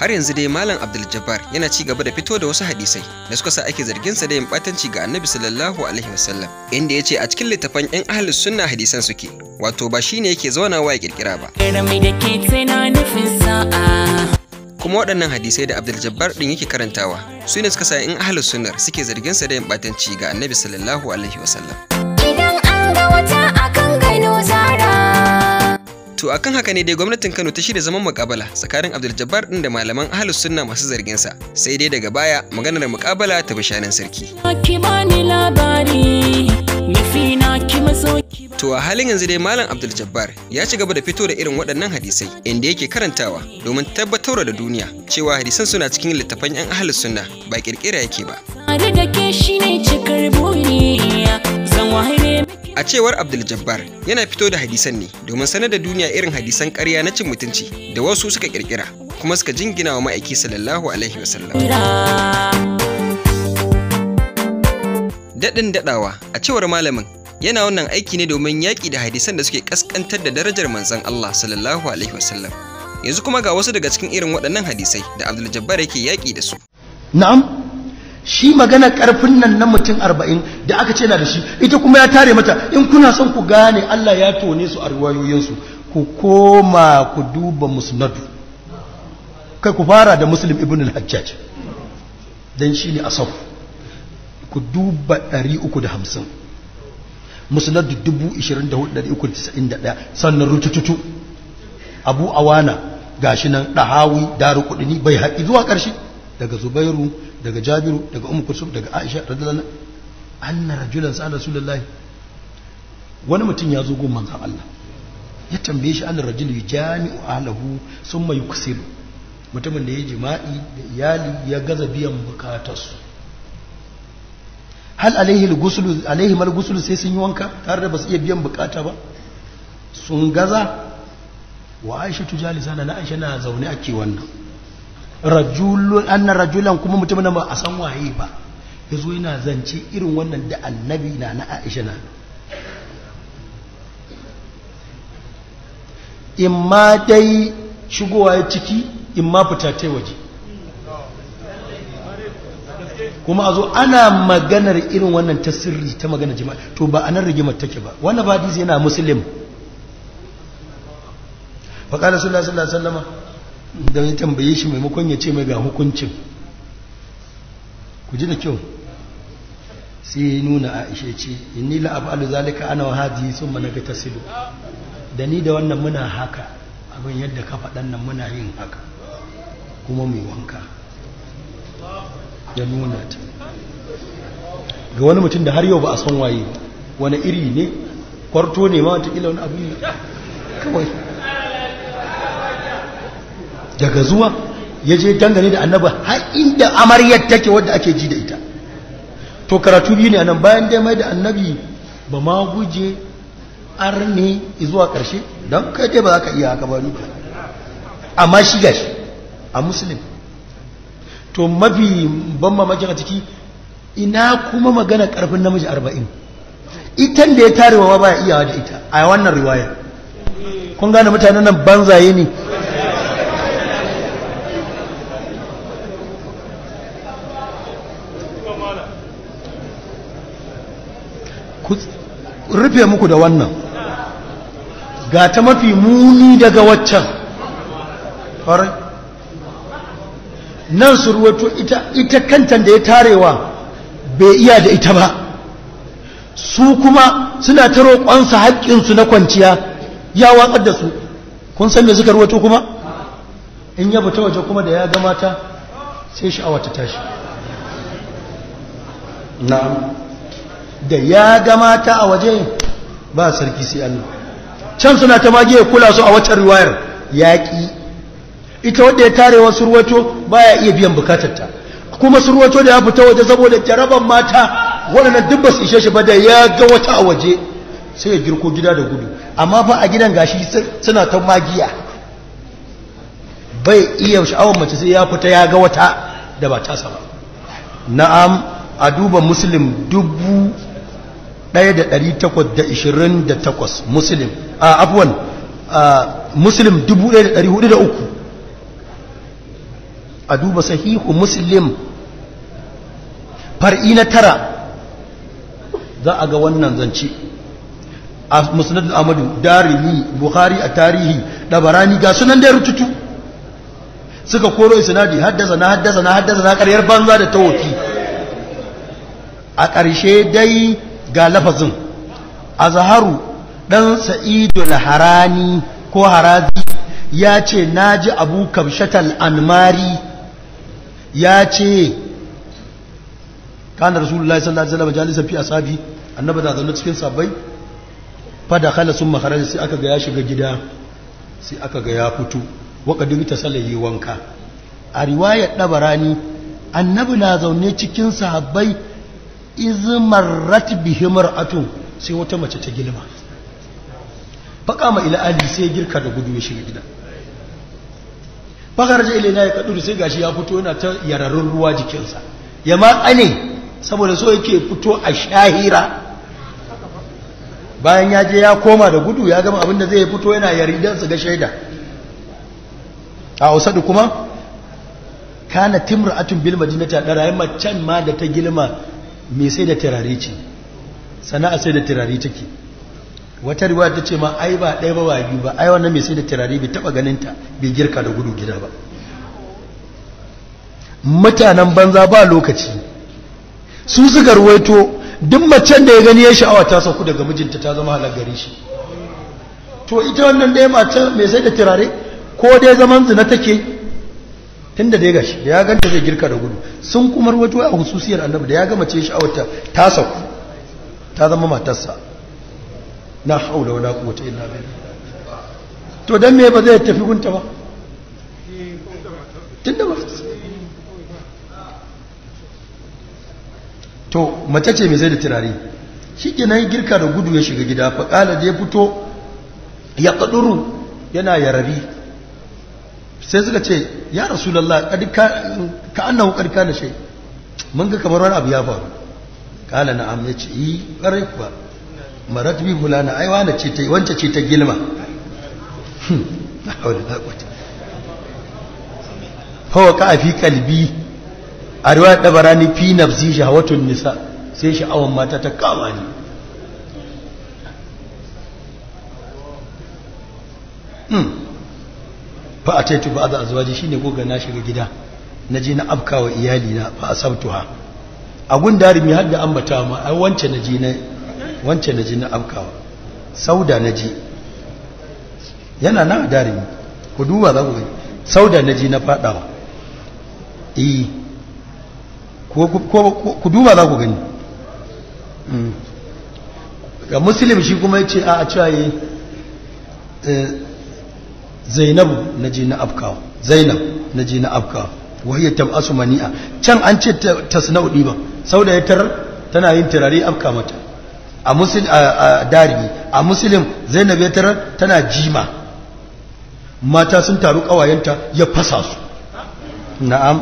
har yanzu dai malam abdul jabbar yana ci gaba da fito da wasu hadisai da suka sa ake zargin sa da yin batanci ga annabi sallallahu alaihi wasallam inda yace a cikin littafan yan ahlus sunna hadisan suke wato ba shine yake zauna wa ya kirkira ba kuma waɗannan hadisai da Abdul Jabbar ɗin yake karantawa su ne suka sa in ahlus sunnar suke zargin sa da yin batanci ga Annabi sallallahu alaihi wasallam idan an ga wata To akan haka ne dai gwamnatin Kano ta shirya zaman mukabala tsakanin Abdul Jabbar din da malaman Ahlus Sunna masu zargin sa. Sai dai daga baya maganar mukabala ta shanin sarki. To a halin yanzu dai Malam Abdul Jabbar ya ci gaba da fito da irin waɗannan hadisai inda yake karantawa domin tabbatar da duniya cewa hadisan suna cikin littafan 'yan Ahlus sunna ba kirkira yake ba. A cewar Abdul Jabbar yana fito da hadisan ne domin sanar da duniya irin hadisan ƙarya na cin mutunci da wasu suka ƙirƙira kuma suka jingina wa ma'aiki sallallahu alaihi wasallam. Daɗin daɗawa a cewar malamin yana wannan aiki ne domin yaƙi da hadisan da suke ƙasƙantar da darajar manzon Allah sallallahu alaihi wasallam. Yanzu kuma ga wasu daga cikin irin waɗannan hadisai da Abdul Jabbar yake yaƙi da su. Na'am shi magana karfin nan na mutum arba'in da aka ce na da shi ita kuma ya tare mata in kuna son ku gane Allah ya tone su a ruwayoyinsu ku koma ku duba musnadu kai ku fara da muslim ibn al-hajjaj dan shi ne asaf ku duba 350 musnadu 24391 sannan rutututu abu awana gashi nan dahawi daru kudini bai haƙi zuwa ƙarshe daga zubairu daga jabiru daga Umar kusur daga aisha radiyallahu anna rajulan sa'ala rasulullahi wani mutum ya zo goma Allah ya tambaye shi annar rajulu alahu sun mai yuksilu mutumin da ya jima'i da iyali ya gaza biyan bukatarsu hal alaihi al mal sai sun yi wanka tare da basu iya biyan bukata ba sun gaza wa aisha sana na aisha na zaune ake wannan rajulun rajulan kuma mutumin da ba a san waye ba yazo yana zance irin wannan da annabi na na Aisha na in ma dai shigowa ya ciki in ma fita ta waje kuma a zo ana maganar irin wannan ta sirri ta magana jima'i to ba a nan rigimar take ba wannan ba yana musulun faƙalar sallallahu alaihi wasallam don ya tambaye shi maimakon ya ce mai ga hukuncin ku ji da kyau sai ya nuna a ishe ce zalika ana wa hadi sun mana ga tasiru da ni da wannan muna haka abin yadda ka faɗan nan muna yin haka kuma mai wanka ya nuna ta ga wani mutum da har yau ba a son waye wani iri ne kwarto ne ma wata ila wani abu ne kawai daga zuwa ya je dangane da annabi har inda amaryar take wadda ake ji da ita to karatu biyu ne anan bayan dai mai da annabi ba ma guje arni zuwa karshe don kai dai ba za ka iya haka ba ni ba amma shi shi a musulun to mafi ban mamakin a ciki ina kuma magana karfin namiji arba'in itan da ya tarewa ba ya iyawa da ita a wannan riwaya kun gane mutanen nan banzaye ne ku rufe muku da wannan ga ta mafi muni daga waccan nan surwato ita, ita kantan da ya tarewa bai iya da ita ba su kuma suna ta roƙonsa haƙƙinsu na kwanciya ya waƙar da su kun san me suka ruwato kuma in ya ta waje kuma da ya gama ta sai sha'awa ta tashi na'am da ya ga mata a waje ba sarki sai Allah can suna ta mage ya kula su a wacce riwayar yaƙi ita wadda ya tare wasu ruwato baya iya biyan ta. kuma su ruwato da ya fita waje saboda jaraban mata waɗannan duk ba su ishe shi ba da ya ga wata a waje sai ya girko gida da gudu amma fa a gidan gashi suna ta magiya bai iya sha'awar mace sai ya fita ya ga wata da ba ta sama. na'am a duba muslim dubu 1828 muslim a afwan muslim 1403 a duba sahihu muslim far'i na tara za a ga wannan zance a musnad amadu darimi buhari a tarihi dabarani ga sunan da ya rututu suka koro isnadi haddasa na haddasa na haddasa na karyar banza da tawaki a ƙarshe dai ga lafazin azharu dan sa'idul harani ko harazi ya ce ji abu kabshatal anmari ya ce kana rasulullahi sallallahu alaihi wasallam jalisan fi ashabi annabi da zaune cikin sabai fada khala summa kharaja sai aka ga ya shiga gida sai aka ga ya fito waqadin ta salayi wanka a riwayar dabarani annabi na zaune cikin sahabbai izmar ratbihimar atun sai wata mace ta gilma faƙa ma ila ali sai girka da gudu ya shiga gida fakar jai na ya kaɗu sai gashi ya fito yana ta yararrun ruwa jikinsa ya ne saboda so yake fito a shahira bayan ya je ya koma da gudu ya gama abinda zai fito yana su ga shaida a hausa da kuma kana atun bil madinati da rayuwar can ma da ta gilma mai sai da turare ce sana'a sai da turare take wata riwa ta ce ma ai ba ɗaya ba wa biyu ba ai wannan mai sai da turare bai taɓa ganinta bai girka da gudu gida ba mutanen banza ba lokaci su suka ruwaito duk macen da ya gani ya sha'awa ta sauku daga mijinta ta zama halar gare shi to ita wannan ɗaya mata mai sai da turare ko dai zaman zina take tun da dai gashi da ya ganta zai girka da gudu sun kuma rawaito a hususiyar annabi da ya gama ce shi wata ta sauku ta zama matarsa na haula wala quwwata illa billah to dan me ba zai tafi gunta ba tun da to mace ce mai zai da turare shi ke nan girka da gudu ya shiga gida faƙala da ya fito ya ƙaduru yana yarabi sai suka ce ya rasulullah ka annahu ka na shai mun ga kamar wani abu ya faru kala na'am ce yi ƙarai kuwa marat bi fulana ai wani ce ta wance ce ta gilma hawa hmm, ka fi kalbi a riwaya dabarani fi nafsi shahawatun nisa sai sha'awan mata ta kama ni hmm fa ataitu ba'd azwaji shine goga na shiga gida ji na afkawa iyali na fa asabtuha a gundari mi hadda ambata ma ai wance naje na wance naje na afkawa sauda naje yana na darimi ku duba za ku gani sauda ji na fadawa eh ko ku duba za ku gani mm ga muslim shi kuma yace a a cewa eh, eh zainabu na je na afkawa zainab na je na afkawa wahiyar tab'asu mani'a can an ce ta tasna'u ba sau da ya tarar tana yin turare afka mata a musulun a darimi a musulun zainab ya tarar tana jima mata sun taru ƙawayenta ya fasa su na'am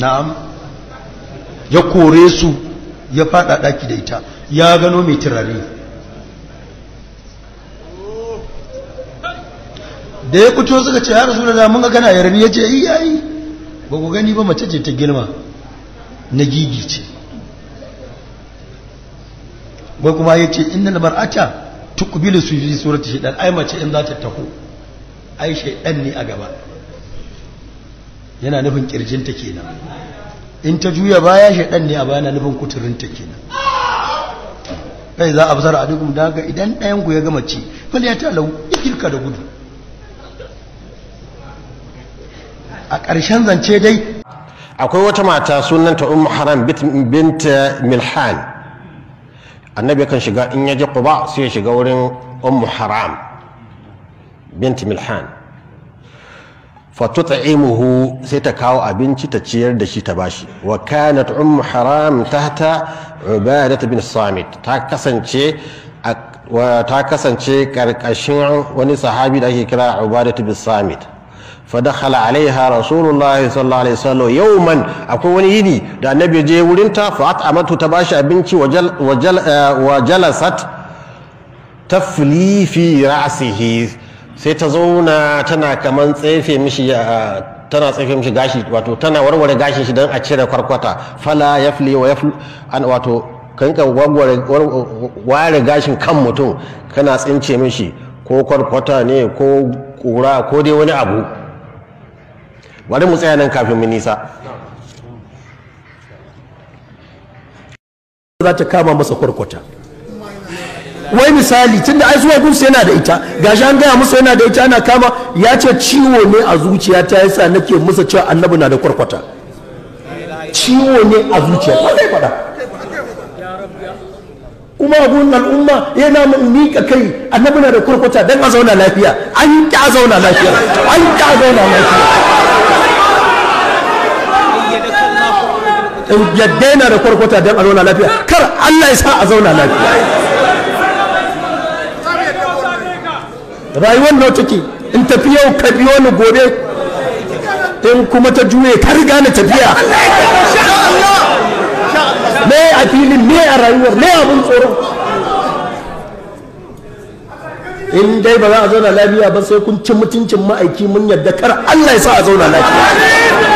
na'am ya kore su ya faɗa ɗaki da ita ya gano mai turare da ya fito suka ce ya da mun ga kana yarmi yace yi yayi ba ku gani ba mace ce ta girma na gigi ce ba kuma ya ce, na yace innal mar'ata tuqbilu fi shi, shaytan ai mace in za ta taho ai shaytan ne a gaba yana nufin kirjinta kenan in ta juya baya shaytan ne a baya yana nufin kuturinta kenan kai za a fasara a duk mu daga, idan ɗayan ku ya ga mace fal ya ya kirka da gudu a ƙarshen zance dai akwai wata mata sunanta ummu haram bint milhan annabi kan shiga in ya ji quba sai ya shiga wurin ummu haram bint milhan fatut'imuhu sai ta kawo abinci ta ciyar da shi ta bashi wa kanat ummu haram tahta ubadat bin samit ta kasance ta kasance karkashin wani sahabi da ake kira ubadat bin samit فدخل alaiha, rasulullahi sallallahu alaihi الله عليه Yau يوما akwai wani yini da annabi je wurin ta fa at'amatu ta bashi abinci wa eh, jalasat wajalasat tafli fi ra'sihi sai ta zauna tana kaman tsefe mishi eh, tana tsefe mishi gashi wato tana warware gashin shi don a cire kwarkwata fala yafli wa yaflu an wato kanka ware gashin kan mutum kana tsince mishi ko kwarkwata ne ko kura ko dai wani abu bari mu tsaya nan kafin mu nisa za ta kama masa kwarkwata wai misali tunda ai zuwa gunsu yana da ita gashi an gaya musu yana da ita ana kama ya ce ciwo ne a zuciya ta yasa nake musa cewa annabi na da kwarkwata ciwo ne a zuciya ba zai faɗa kuma abun al'umma yana mika kai annabi na da kwarkwata don a zauna lafiya an ƙi a zauna lafiya an ƙi a zauna lafiya ya yana da kwarkwata don a zauna lafiya kar Allah ya sa a zauna lafiya rayuwar nau take in tafi yau ka biyo ni gobe in kuma ta juye ka riga ni tafiya me a filin me a rayuwar me mun tsoro in dai ba za a zauna lafiya ba sai kun ci mutuncin ma'aiki mun yadda kar Allah ya sa a zauna lafiya